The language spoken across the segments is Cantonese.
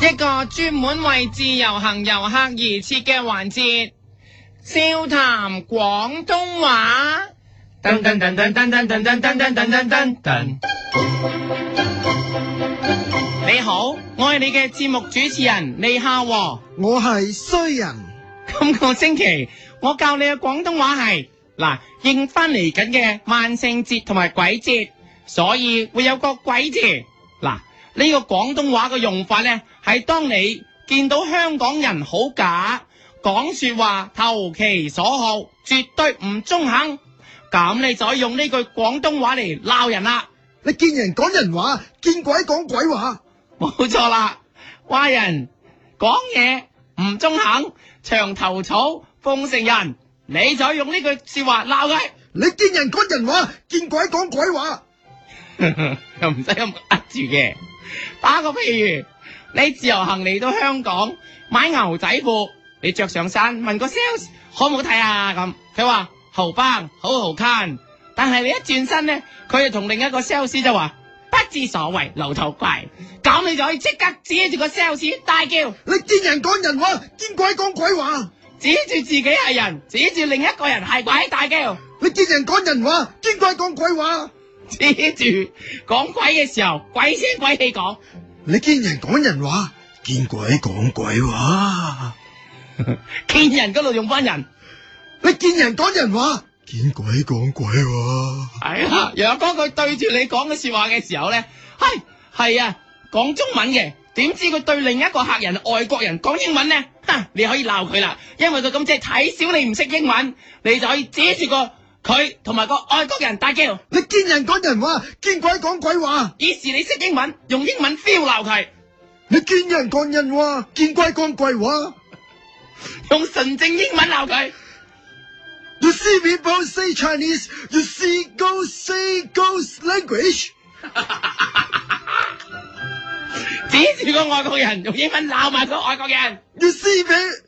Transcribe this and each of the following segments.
一個專門為自由行遊客而設嘅環節，笑談廣東話。你好，我係你嘅節目主持人李孝和。我係衰人。今個星期我教你嘅廣東話係嗱，應翻嚟緊嘅萬聖節同埋鬼節，所以會有個鬼節嗱。呢個廣東話嘅用法呢，係當你見到香港人好假，講說話投其所好，絕對唔中肯，咁你就用呢句廣東話嚟鬧人啦。你見人講人話，見鬼講鬼話，冇錯啦。壞人講嘢唔中肯，長頭草奉承人，你就用呢句說話鬧佢，你見人講人話，見鬼講鬼話， 又唔使咁呃住嘅。打個譬如，你自由行嚟到香港買牛仔褲，你着上身，問個 sales，好唔好睇啊？咁佢話豪班，好豪撐。但係你一轉身咧，佢就同另一個 sales 就話不知所謂，老土怪。咁你就可以即刻指住個 sales 大叫：你見人講人話，見鬼講鬼話。指住自己係人，指住另一個人係鬼，大叫：你見人講人話，見鬼講鬼話。記住，講鬼嘅時候，鬼聲鬼氣講。你見人講人話，見鬼講鬼話，啊。 見人嗰度用翻人，你見人講人話，見鬼講鬼話。係啊！如果佢對住你講嘅說話嘅時候咧，係、哎、係啊，講中文嘅，點知佢對另一個客人外國人講英文咧？吓，你可以鬧佢啦，因為佢咁即係睇小你唔識英文，你就可以指住個。佢同埋個外國人大叫：你見人講人話，見鬼講鬼話。以前你識英文，用英文 feel 鬧佢。你見人講人話，見鬼講鬼話，用純正英文鬧佢。You see people say Chinese, you see go say go language。指住個外國人用英文鬧埋個外國人。You see me。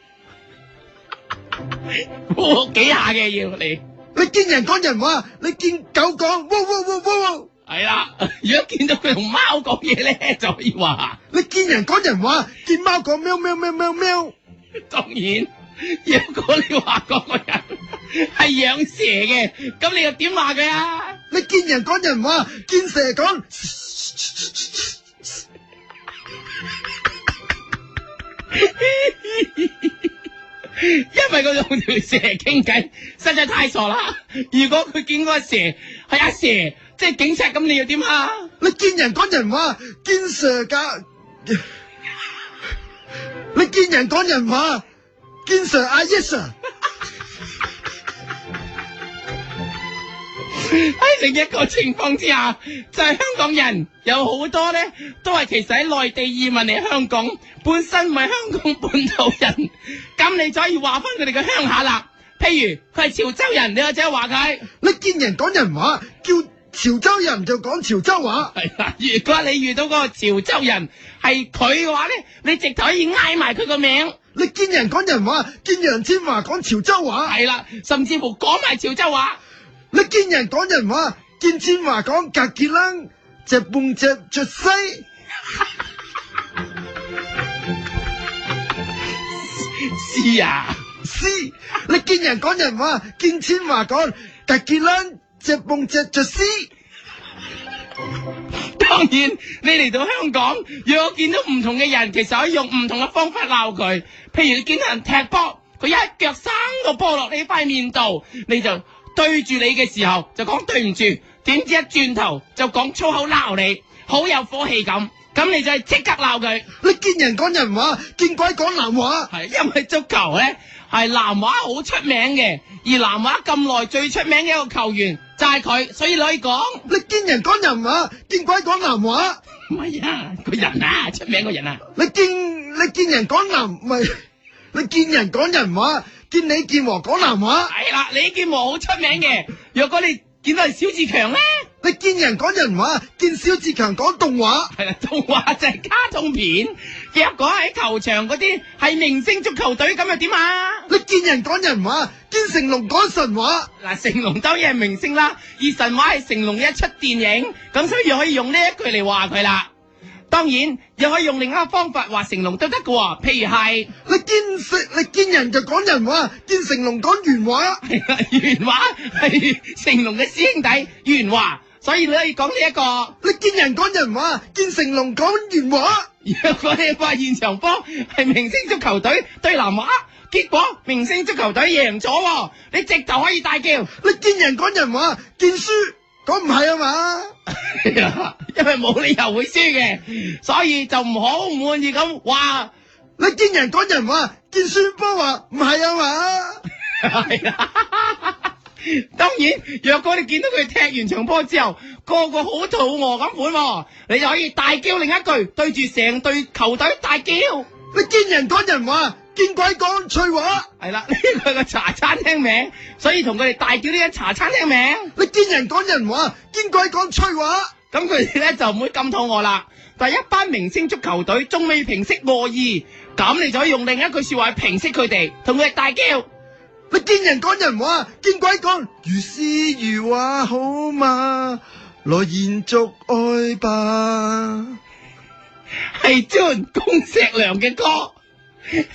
我幾下嘅要你，你見人講人話，你見狗講，汪汪汪汪，係啦。如果見到佢同貓講嘢咧，就可以話。你見人講人話，見貓講喵喵喵喵喵。當然，如果你話嗰個人係養蛇嘅，咁你又點話佢啊？你見人講人話，見蛇講。因為佢用條蛇傾偈，實在太傻啦！如果佢見過蛇係阿蛇，即係警察，咁你要點啊？你見人講人話，見蛇噶？ 你見人講人話，見蛇阿 yes？sir。Yes, sir. 喺 另一個情況之下，就係、是、香港人有好多呢，都係其實喺內地移民嚟香港，本身唔係香港本土人。咁 你就可以話返佢哋嘅鄉下啦。譬如佢係潮州人，你或者係話佢。你見人講人話，叫潮州人就講潮州話。係啦，如果你遇到個潮州人，係佢嘅話呢，你直頭可以嗌埋佢個名。你見人講人話，見楊千嬅講潮州話，係啦，甚至乎講埋潮州話。你見人講人話，見千話講格杰啷只蹦只雀絲，詩啊詩！你見人講人話，見千話講格杰啷只蹦只雀絲。當然，你嚟到香港，若我見到唔同嘅人，其實可以用唔同嘅方法鬧佢。譬如你見到人踢波，佢一腳生個波落你塊面度，你就。對住你嘅時候就講對唔住，點知一轉頭就講粗口鬧你，好有火氣咁，咁你就係即刻鬧佢。你見人講人話，見鬼講南華。係因為足球呢，係南華好出名嘅，而南華咁耐最出名嘅一個球員就係佢，所以你講，你見人講人話，見鬼講南華。唔係呀，個人啊， 出名個人啊。你見你見人講南，唔係你見人講人話。見李健和講南話，係啦，李健和好出名嘅。若果你見到係小志強咧，你見人講人話，見小志強講動畫，係啊， 動畫就係卡通片。若果喺球場嗰啲係明星足球隊，咁又點啊？你見人講人話，見成龍講神話。嗱， 成龍當然係明星啦，而神話係成龍一出電影，咁所以可以用呢一句嚟話佢啦。當然，又可以用另一個方法話成龍都得嘅喎，譬如係你見識，你見人就講人話，見成龍講原話， 原話係 成龍嘅師兄弟原話，所以你可以講呢一個，你見人講人話，見成龍講原話。 如果你發現場波係明星足球隊對南華，結果明星足球隊贏咗，你直頭可以大叫，你見人講人話，見輸。咁唔係啊嘛， 因為冇理由會輸嘅，所以就唔好唔滿意咁話：你見人講人話，見孫波話唔係啊嘛。係啦，當然，若果你見到佢踢完場波之後，個個好肚餓咁款，你就可以大叫另一句，對住成隊球隊大叫：你見人講人話。見鬼講翠華，係啦，呢 個茶餐廳名，所以同佢哋大叫呢間茶餐廳名。你見人講人話，見鬼講翠華，咁佢哋咧就唔會咁肚餓啦。但係一班明星足球隊仲未平息惡意，咁你就可以用另一句說話去平息佢哋，同佢哋大叫。你見人講人話，見鬼講如詩如畫，好嘛，來延續愛吧。係張公石良嘅歌。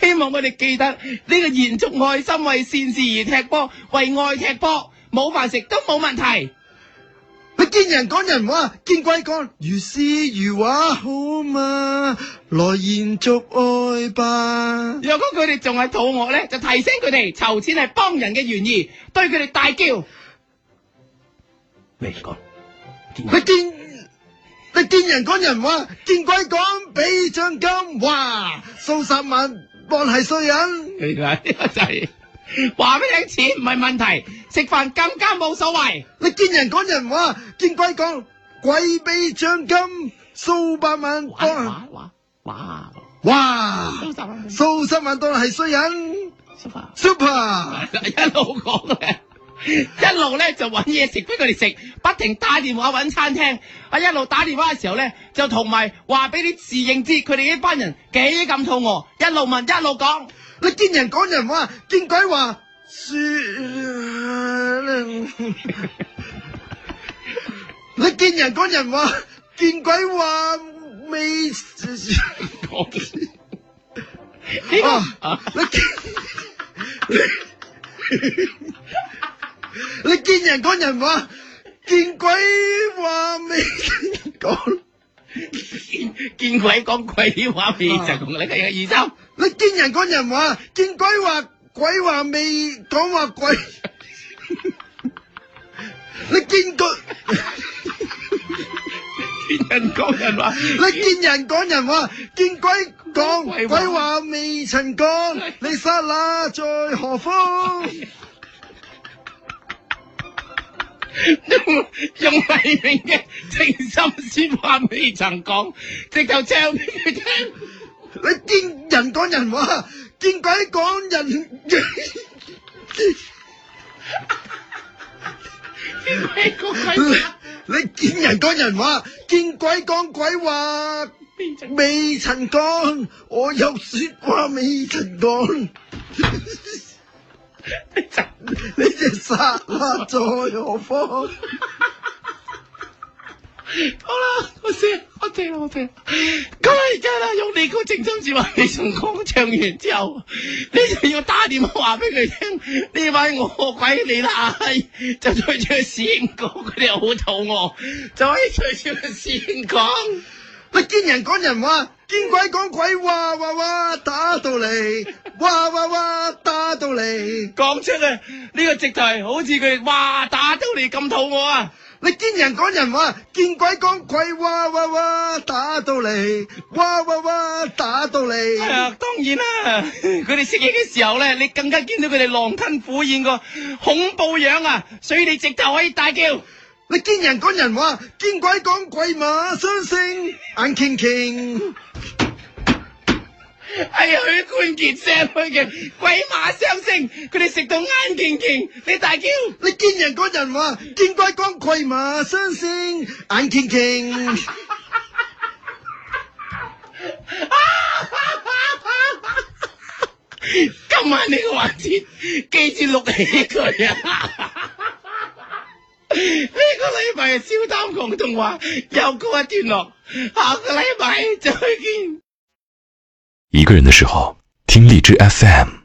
希望我哋記得呢個延續愛心，為善事而踢波，為愛踢波，冇飯食都冇問題。佢見人講人話，見鬼講如詩如畫，好嘛？來延續愛吧。若果佢哋仲係肚餓咧，就提醒佢哋，籌錢係幫人嘅願意，對佢哋大叫。咩人講？佢見。你見人講人話，見鬼講俾獎金，哇，數十萬當係衰人。係就係、是，話俾你錢唔係問題，食飯更加冇所謂。你見人講人話，見鬼講鬼俾獎金，數百萬哇哇哇，數哇十萬當係衰人。過 super super， 一路講。 一路咧就揾嘢食俾佢哋食，不停打電話揾餐廳。啊，一路打電話嘅時候咧，就同埋話俾啲侍應知佢哋呢班人幾咁肚餓，一路問一路講。你見人講人話，見鬼話，啊、你見人講人話，見鬼話未？講啲，啊，你見人講人話，見鬼話你見人講人話，見鬼話未講？見鬼講鬼話，未曾講你個二叔。啊、你見人講人話，見鬼話鬼話未講話鬼？ 你見鬼？ 見人講人話，你見人講人話， 見鬼講鬼，話鬼話未曾講，你剎那在何方？ 用黎明嘅情深說話未曾講，直頭唱俾佢聽。你見人講人話，見鬼講人，你見人講人話，見鬼講鬼話，未曾講，我有說話未曾講。 你只你只沙拉在何方？ 好啦，我先我聽我聽。咁而家咧用你個正心字話，你從講唱完之後，你就要打電話話俾佢聽，呢位我鬼你啦，就對住個侍應講，佢哋又好肚餓，就可以對住個侍應講。你 見人講人話，見鬼講鬼話，哇哇哇打到嚟，哇哇哇，打到嚟哇哇哇，打到嚟講出嚟！呢個直頭，好似佢話打到嚟咁肚餓啊！你見人講人話，見鬼講鬼話，哇哇哇打到嚟，哇哇哇，打到嚟、 這個哇，啊、哇哇哇，打到嚟係、 哎、當然啦，佢哋食嘢嘅時候咧，你更加見到佢哋狼吞虎咽個恐怖樣啊！所以你直頭可以大叫。你見人講人話，見鬼講鬼馬，相聲眼傾傾。係許、哎、冠傑、聲許嘅鬼馬雙星，佢哋食到眼見見，你大叫你見人嗰陣喎，見鬼講鬼馬雙星眼見見。鞭鞭鞭， 今晚呢個環節記住錄起佢啊！呢 個禮拜《笑談廣東話》又告一段落，下個禮拜再見。一個人的時候，聽荔枝 FM。